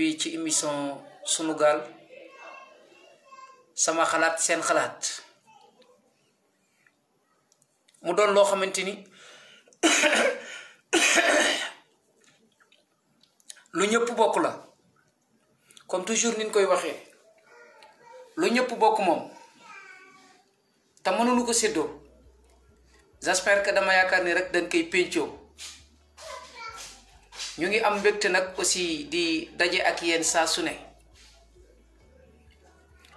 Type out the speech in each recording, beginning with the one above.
bi ci émission sunu gaal sama xalaat seen xalaat mu doon loo xamante ni lu ñëpp bokk la comme toujours niñ koy waxee lu ñëpp bokk moom te mënuñu ko séddoo j'espère que dama yaakaar ni rek dañ koy péncoo ñu ngi am mbégte nag aussi di daje ak yenn saa su ne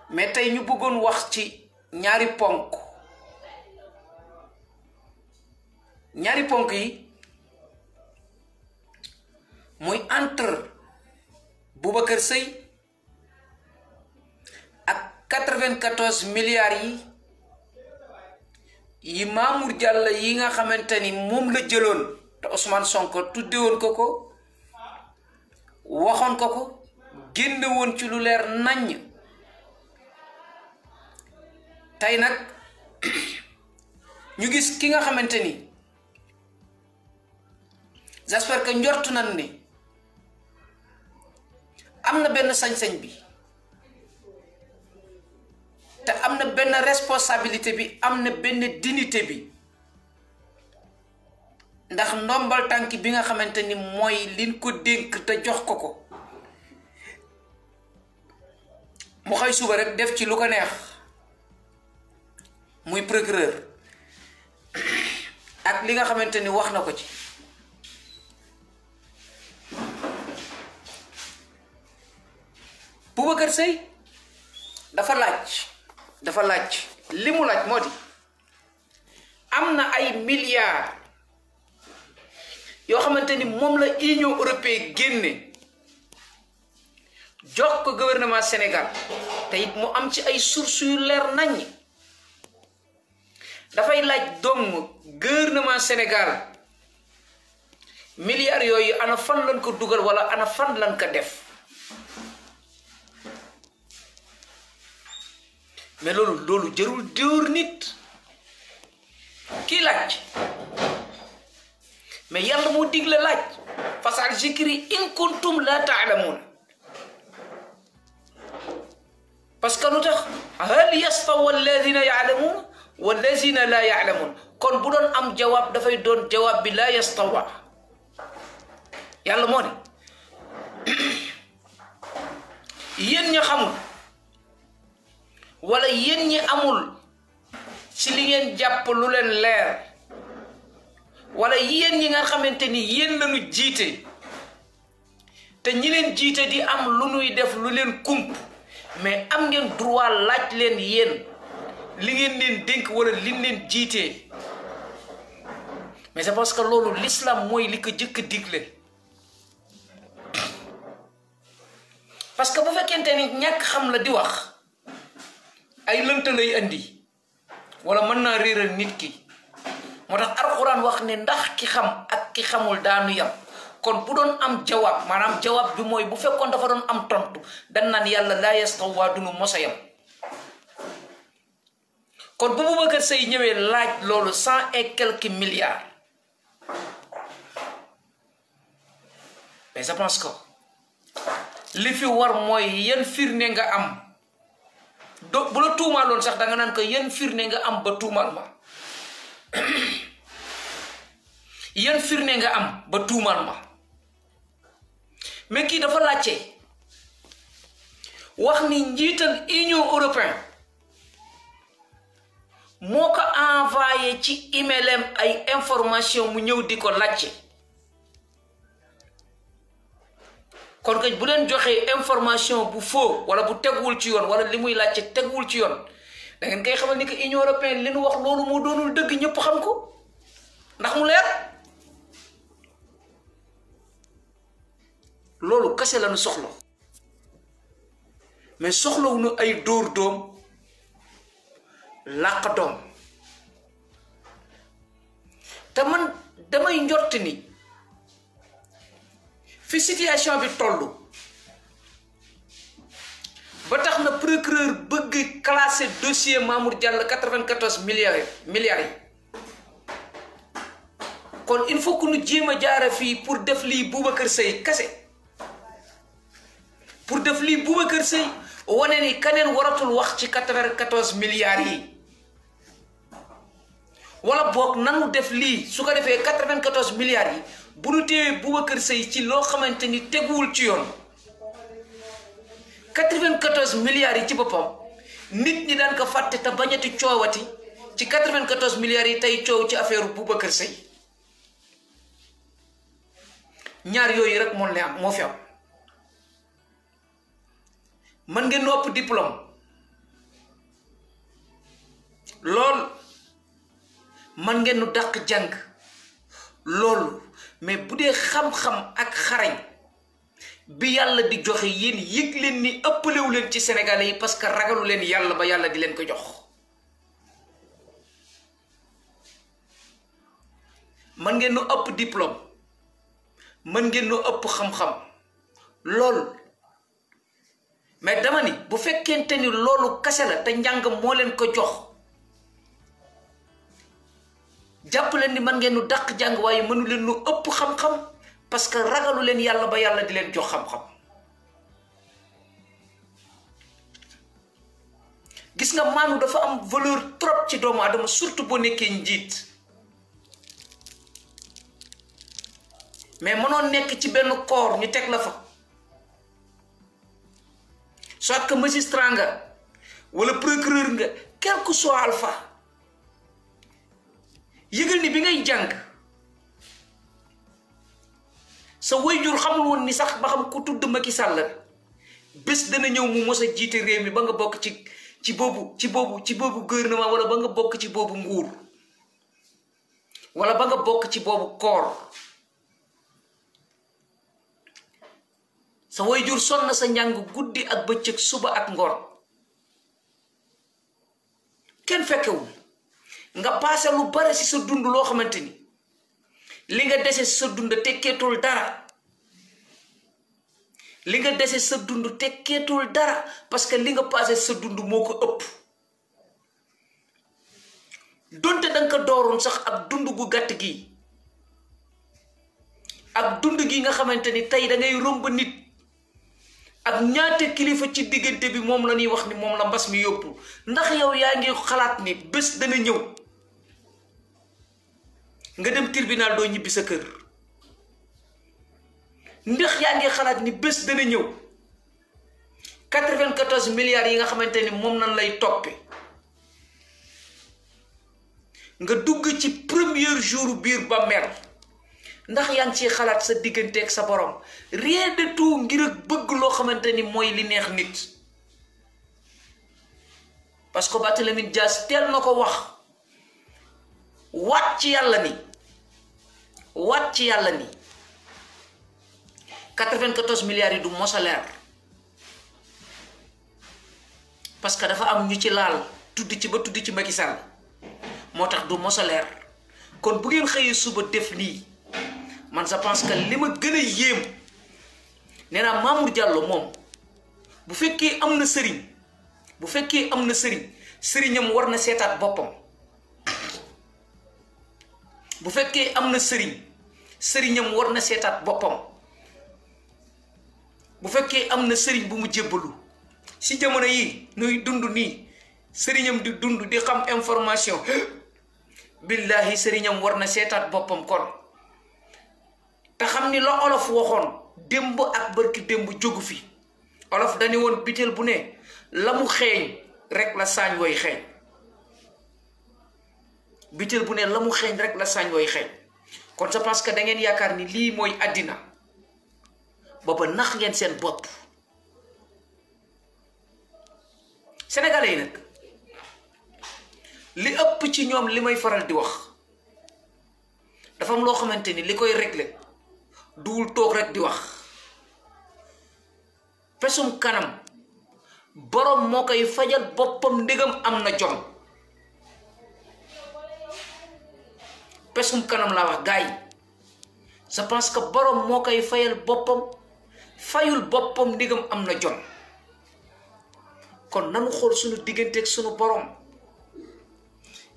mais tey ñu bëggoon wax ci ñaari ponk ñaari ponk yi muy entre Boubacar sëy ak 94 milliards yi yi Mamour Diallo yi nga xamante ni moom la jëloon te Ousmane Sonko tudde woon ko ko waxoon ko ko génne woon ci lu leer naññ tey nag ñu gis ki nga xamante ni j'espère que njort nan ni am na benn sañ-sañ bi te am na benn responsabilité bi am na benn dignité bi ndax ndombal tànk bi nga xamante ni mooy liñ ko dénk te jox ko ko mu xëy suba rek def ci lu ko neex muy procureur ak li nga xamante ni wax na ko ci Boubacar Seye dafa laaj dafa laaj li mu laaj moo di am na ay milliards yoo xamante ni moom la union européenne génne jox ko gouvernement Sénégal tey mu am ci ay suuf yu leer nañ dafay laaj doom gouvernement Sénégal milliards yooyu ana fan lan ko dugal wala ana fan lan ko def mais loolu loolu jërul dóor nit kii laaj mais yàlla mu dig la laaj fasal zikri in kuntum la taalamuun parce que lu tax hal kon bu doon am jawaab dafay doon jawaab bi laa yastawa yàlla moo ne yéen ñi ñi amul ci li jàpp lu leen leer wala yéen ñi nga xamante ni yéen lañu jiite te ñi leen jiite di am lu nuy def lu leen kump mais am ngeen droit laaj leen yéen li ngeen leen dénk wala liñ leen jiitee mais c'est parce que loolu l'islam mooy li ko jëkk digle parce que ba fekkente ni ñàkk xam la di wax ay lënt lay andi wala mën naa réeral nit ki moo tax alxuraan wax ne ndax ki xam ak ki xamul daanu yam kon bu doon am jawaab maanaam jawaab bi mooy bu fekkoon dafa doon am tontu dan naan yàlla laa yastaw waa dunu mosa yam kon bu Boubacar Sèye ñëwee laaj loolu cent et quelques milliards mais je pense li fi war mooy yan firnde nga am do bu la loolu sax danga naan ko yan firnde nga am ba tuumaal ma yan firnde nga am ba tuumaal ma mais kii dafa laajte wax ni njiital union européen moo ko envoyé ci emailam ay information mu ñëw di ko laajte kon que bu leen joxee information bu faux wala bu teguwul ci yoon wala li muy laajte teguwul ci yoon da ngeen koy xamal ni que union européenne li nu wax loolu moo doonul dëgg ñëpp xam ko ndax mu leer. loolu kase la soxlo soxla mais soxlawuñu ay dóor doom làq doom te man damay njort ni fi situation bi toll ba tax na procureur bëgg classé dossier Mamour Diallo 94 milliards milliards yi kon il faut que ñu jéem a jaara fii pour def lii Boubacar Seye kase pour def lii Boubacar Seye wane ni keneen waratul wax ci quatre-vingt-quatorze yi wala boog nanu def lii su ko defee quatre-vingt-quatorze milliards yi bu nu téewee Boubacar Seye ci loo xamante ni teguwul ci yoon quatre vingt yi ci boppam nit ñi daan ko fàtte te bañati coowati ci quatre vingt yi tey coow ci affaire Boubacar Seye ñaar yooyu rek moom la am moo fi am mën ngeen nopp diplôme lool man ngeen nu dàq jàng loolu mais bu dee xam-xam ak xarañ bi yàlla di joxe yéen yëg leen ni ëppalewu leen ci sénégalais yi parce que ragalu leen yàlla ba yàlla di leen ko jox mën ngeen nu ëpp diplôme mën ngeen nu ëpp xam-xam loolu mais dama ni bu fekkente ni loolu kase la te njàng moo leen ko jox jàpp leen ni mën ngeen nu dàq jàng waaye mënu leen lu ëpp xam-xam parce que ragalu leen yàlla ba yàlla di leen jox xam-xam gis nga maanu dafa am valeur trop ci doomu adama surtout boo nekkee njiit mais mënoon nekk ci benn koor ñu teg la fa soit que magistrat nga wala procureur nga quel que soit alpha yëgal ni bi ngay jàng sa wayjur jur woon ni sax ba xam ku tudd Macky Sall bés dana ñëw mu mos a jiite réew mi ba nga bokk ci ci boobu ci boobu ci boobu gouvernement wala ba nga bokk ci boobu nguur wala ba nga bokk ci boobu koor sa jur sonn na sa njàng guddi ak bëccëg suba ak ngoon kenn fekkewul nga paase lu bare ci sa dund loo xamante ni li nga dese sa dund tekkeetul dara li nga dese sa dund tekkeetul dara parce que li nga paase sa dund moo ko ëpp donte danga ko dooroon sax ak dund gu gàtt gi ak dund gi nga xamante ni tey dangay romb nit ak ñaata kilifa ci diggante bi moom la ñuy wax ni moom la mbas mi yóbbu ndax yow yaa ngi xalaat ni bés dana ñëw nga dem tribunal doo ñibbi sa kër ndax yaa ngi xalaat ni bés dana ñëw 94 milliards yi nga xamante ni moom nan lay toppe nga dugg ci premier jour biir ba mer ndax yaa ngi ciy xalaat sa diggante ak sa boroom rien de tout ngir ak bëgg loo xamante ni mooy li neex nit parce que Barthélémy Dias teel na ko wax waat ci yàlla ni waat ci yàlla ni 94 milliards yi du mos a leer parce que dafa am ñu ci laal tudd ci ba tudd ci Macky moo tax du mos a leer kon bu ngeen xëyee suba def lii man je pense que li ma gën a yéem nee naa Mamour Diallo moom bu fekkee am na sëriñ bu fekkee am na sëriñ sëriñam war na seetaat boppam bu fekkee am na sëriñ sëriñam war na seetaat boppam bu fekkee am na sëriñ bu mu jébbalu si jamono yi nuy dund nii sëriñam di dund di xam information billahi sëriñam war na seetaat boppam kon nga xam ni la olof waxoon démb ak bërki démb jógu fi olof dañu woon biteel bu ne la mu xeeñ rek la saañ woy xeeñ biteel bu ne la mu xeeñ rek la saañ woy xeeñ kon c'est parce que da ngeen yaakaar ni lii mooy àddina booba nax ngeen seen bopp sénégalais yi li ëpp ci ñoom li may faral di wax dafa am loo xamante ni li koy régler duwul toog rekk di wax pesum kanam borom moo koy fajal boppam ndégam am na jom pesum kanam laa wax gaay je pense que borom moo koy fayal boppam fayul boppam ndégam am na jom kon nanu xool sunu diggante sunu suñu borom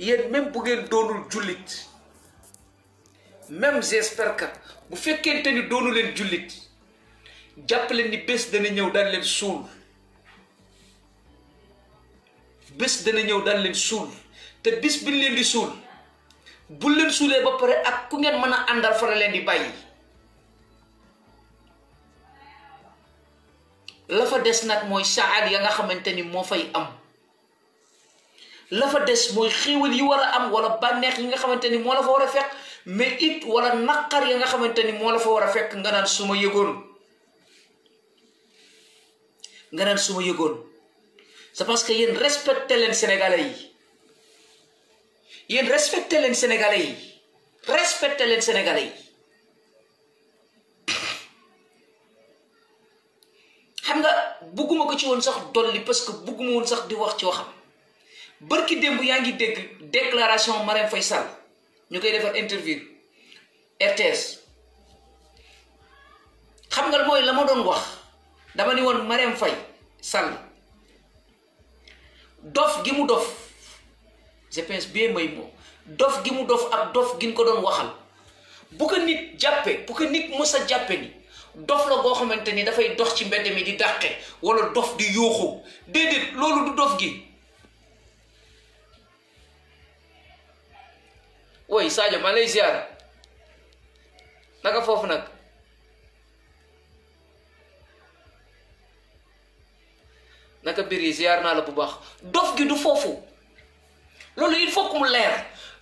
yéen même bu doonul jullit même j'espère que bu fekkente ni doonu leen jullit jàpp leen ni bés dana ñëw daan leen suul bés dana ñëw daan leen suul te bés bi leen di suul bu leen suulee ba pare ak ku ngeen mën a àndal fara leen di bàyyi la fa des nag mooy saad ya nga xamante ni moo fay am la fa des mooy xéewal yi war a am wala bànneex yi nga xamante ni moo la fa war a fekk mais it wala naqar ya nga xamante ni moo la fa war a fekk nga naan suma yëgoon nga naan suma yëgoon c'est parce que yéen respecté leen sénégalais yi yéen respecté leen sénégalais yi respecté leen sénégalais yi xam nga bugguma ko ci woon sax dolli parce que bugguma woon sax di wax ci waxam bërki démb yaa ngi dégg déclaration Marème Faye sal ñu koy defar interview RTS xam nga mooy la ma doon wax dama ni woon Marème Faye Sall dof gi mu dof je bee may moom dof gi mu dof ak dof gi ñu ko doon waxal bu ko nit jàppee bu ko nit mës a jàppe ni dof la boo xamante ni dafay dox ci mbedd mi di dàqe wala dof di yuuxu déedéet loolu du dof gi woy Sadio maa lay ziar naka foofu nag naka biir yi ziar naa la bu baax dof gi du foofu loolu il faut mu leer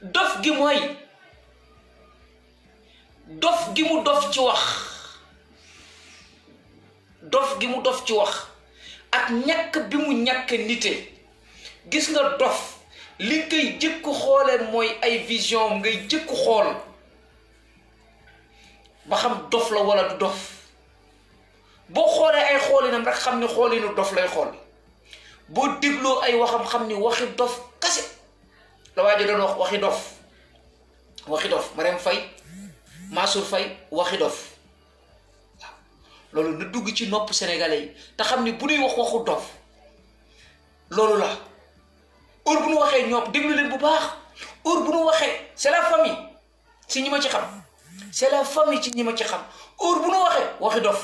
dof gi mooy dof gi mu dof ci wax dof gi mu dof ci wax ak ñàkk bi mu ñàkk nite gis nga dof li ngay jëkku xooleen mooy ay vision ngay jëkku xool ba xam dof la wala du dof boo xoolee ay xoolinam rek xam ni xoolinu dof lay xool boo dégloo ay waxam xam ni waxi dof kase la waa ji doon wax waxi dof waxi dof Marème Faye Mansour Faye waxi loolu na dugg ci nopp sénégalais te xam ni bu ñuy wax waxu dof loolu la heure bu ñu waxee ñoom déglu leen bu baax heure bu ñu waxee c'est la famille si ñi ma ci xam c'est la famille ci ñi ma ci xam heure bu ñu waxee waxi dof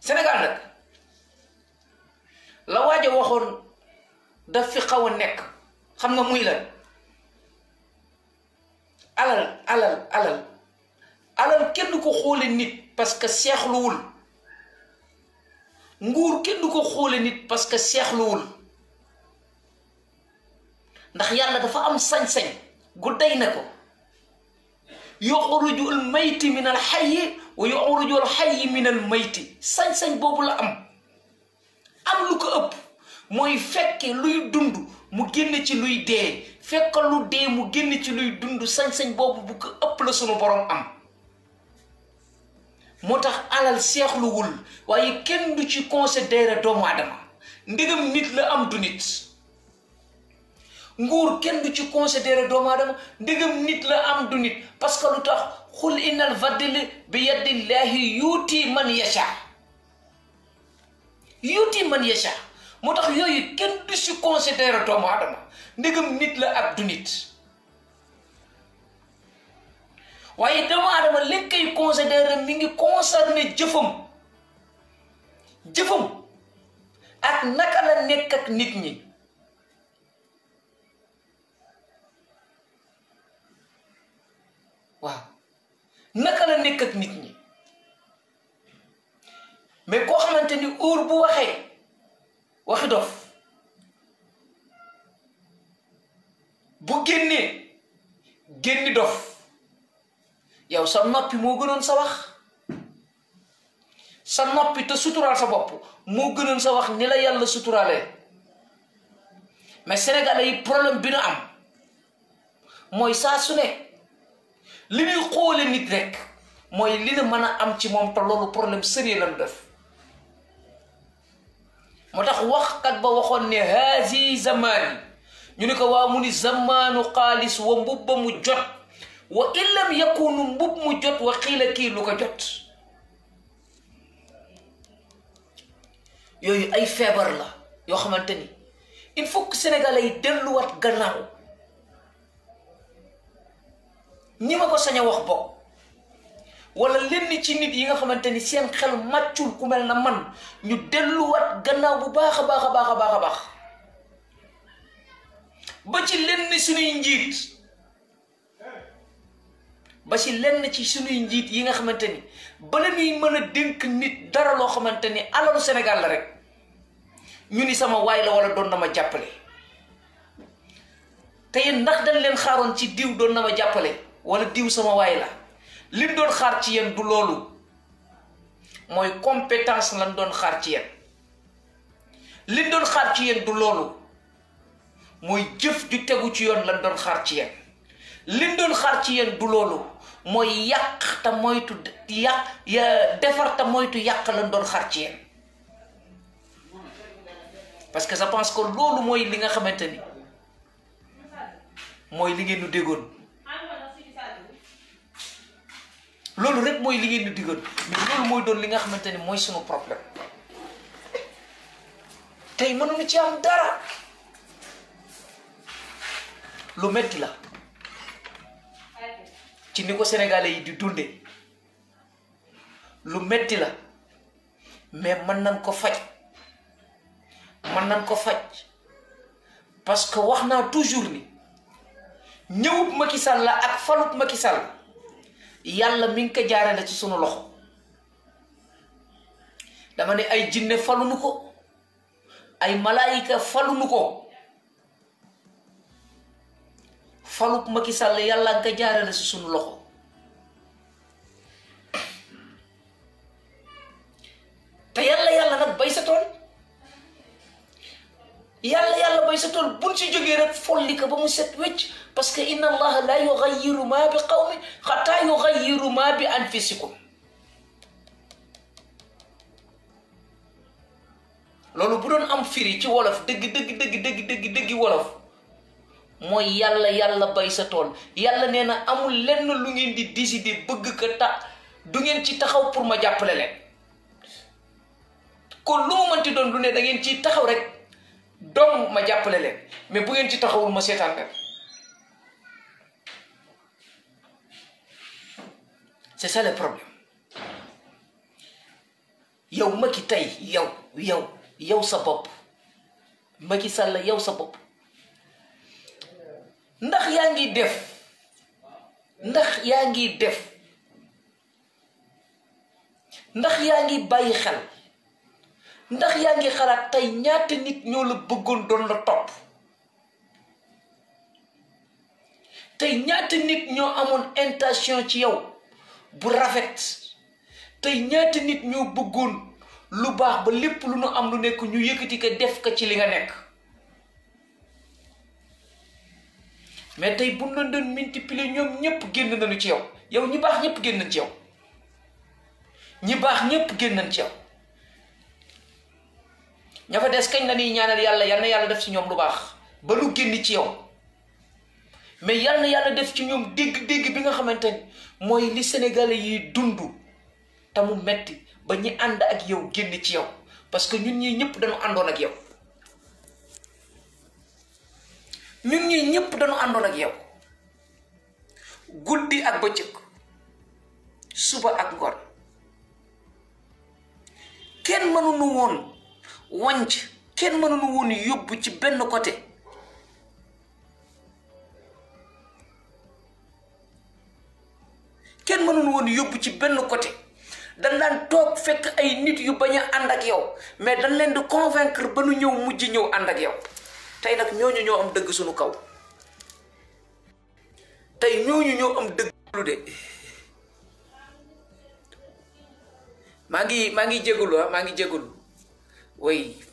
Sénégal nag la waaj a waxoon daf fi xaw a nekk xam nga muy lan alal alal alal alal kenn du ko xoolee nit parce que seexluwul nguur kenn du ko xoole nit parce que seexluwul ndax yàlla dafa am sañ-sañ gu day na ko yuxruju al mayti min al xayyi wa yuxruju min al mayti sañ-sañ boobu la am am lu ko ëpp mooy fekke luy dund mu génn ci luy dee fekk lu dee mu génn ci luy dund sañ-sañ boobu bu ko ëpp la sunu borom am moo tax alal seexluwul waaye kenn du ci considéré doomu aadama nit la am du nit nguur kenn du ci considéré doomu aadama nit la am du nit parce que lu tax xul innal fadli bi yadillahi yuuti man yacha yuuti man yacha moo tax yooyu kenn du ci considéré doomu aadama nit la ak du nit waaye doomu aadama léeg kay considéré mi ngi concerné jëfam jëfam ak naka la nekk ak nit ñi waaw naka la nekk ak nit ñi mais koo xamante ni uur bu waxee waxi dof bu génnee génni dof yow sa noppi moo gënoon sa wax sa noppi te suturaal sa bopp moo gënoon sa wax ni la yàlla suturaalee mais sénégalais yi problème bi na am mooy saa su ne li ñuy xoole nit rek mooy li na mën a am ci moom te loolu problème sérieux lañ def moo tax waxkat ba waxoon ne haasi zamaan ñu ne ko waa mu ni zamaanu xaalis wa mbubba mu jot wa illam yakunu mbubb mu jot wa xiila kii lu ko jot yooyu ay feebar la yoo xamante ni il faut que sénégalais yi delluwaat gannaaw ñi ma ko sañ a wax bokk wala lenn ci nit yi nga xamante ni seen xel màccul ku mel na man ñu delluwaat gannaaw bu baax a baax a baax a baax a baax ba ci lenn suñuy njiit ba ci lenn ci suñuy njiit yi nga xamante ni bala ñuy mën a dénk nit dara loo xamante ni alalu senegal la rek ñu ni sama waay la wala doon na ma jàppale te yéen ndax dañ leen xaaroon ci diw doon na ma jàppale wala diw sama waay la lim doon xaar ci yéen du loolu mooy compétence lañ doon xaar ci yéen doon xaar ci yéen du loolu mooy jëf ju tegu ci yoon lañ doon xaar ci yéen lim doon xaar ci yéen du loolu mooy yàq te moytu yàq defar te moytu yàq lañ doon xar ci yéen parce que je pense que loolu mooy li nga xamante ni mooy li ngeen nu déggoon loolu rek mooy li ngeen nu déggoon mais loolu mooy doon li nga xamante ni mooy sunu problème tey mënuñu ci am dara lu metti la. ci ni ko sénégalais yi di dunde lu metti la mais mën nañ ko faj mën nañ ko faj parce que wax naa toujours ni ñëwub Macky Sall la ak falub Macky Sall yàlla mi ngi ko jaarale ci sunu loxo dama ne ay jinne falunu ko ay malaayika falunu ko ma Macky sàll yàlla nga jaarale si suñu loxo te yàlla yàlla nag bay sa tool yàlla yàlla bay sa tool buñ si jógee rek folli ko ba mu set wecc parce que inna allaha la yugayiru ma bi qawmin xataa yugayiru ma bi anfusikum loolu bu doon am firi ci wolof dëgg dëgg dëgg dëgg dëgg dëgg wolof mooy yàlla yàlla bay sa tool yàlla nee na amul lenn lu ngeen di décider bëgg ko ta du ngeen ci taxaw pour ma jàppale leen kon lu mu mënti doon lu ne da ngeen ciy taxaw rek donc ma jàppale leen mais bu ngeen ci taxawul ma seetaan rek c'est ça le problème yow Macky tey yow yow yow sa bopp ma Macky Sall yow sa bopp. ndax yaa ngi def ndax yaa ngi def ndax yaa ngi bàyyi xel ndax yaa ngi xalaat tey ñaata nit ñoo la bëggoon doon la topp tey ñaata nit ñoo amoon intention ci yow bu rafet tey ñaata nit ñoo bëggoon lu baax ba lépp lu nu am lu nekk ñu yëkkati ko def ko ci li nga nekk mais tey bu ñu minti multiplier ñoom ñëpp génn nañu ci yow yow ñi baax ñëpp génn nañ ci yow ñi baax ñëpp génn nañ ci yow ña fa des kañ na ñuy ñaanal yàlla yal yàlla def ci ñoom lu baax ba lu génn ci yow mais yàlla na yàlla def ci ñoom dégg-dégg bi nga xamante ni mooy li Sénégalais yi dund te mu metti ba ñi ànd ak yow génn ci yow parce que ñun ñii ñëpp dañu àndoon ak yow. ñun ñii ñëpp dañu àndoon ak yow guddi ak bëccëg suba ak ngoon kenn mënuñu woon wànc kenn mënuñu woon yóbbu ci benn côté kenn dañ daan toog fekk ay nit yu ba a ànd ak yow mais dañ leen di convaincre ba nu ñëw mujj ñëw ànd ak yow. tey nag ñooñu ñoo am dëgg suñu kaw tey ñooñu ñoo am dëgg lu de maa ngi maa ngi jégalu ah, maa ngi jégalu way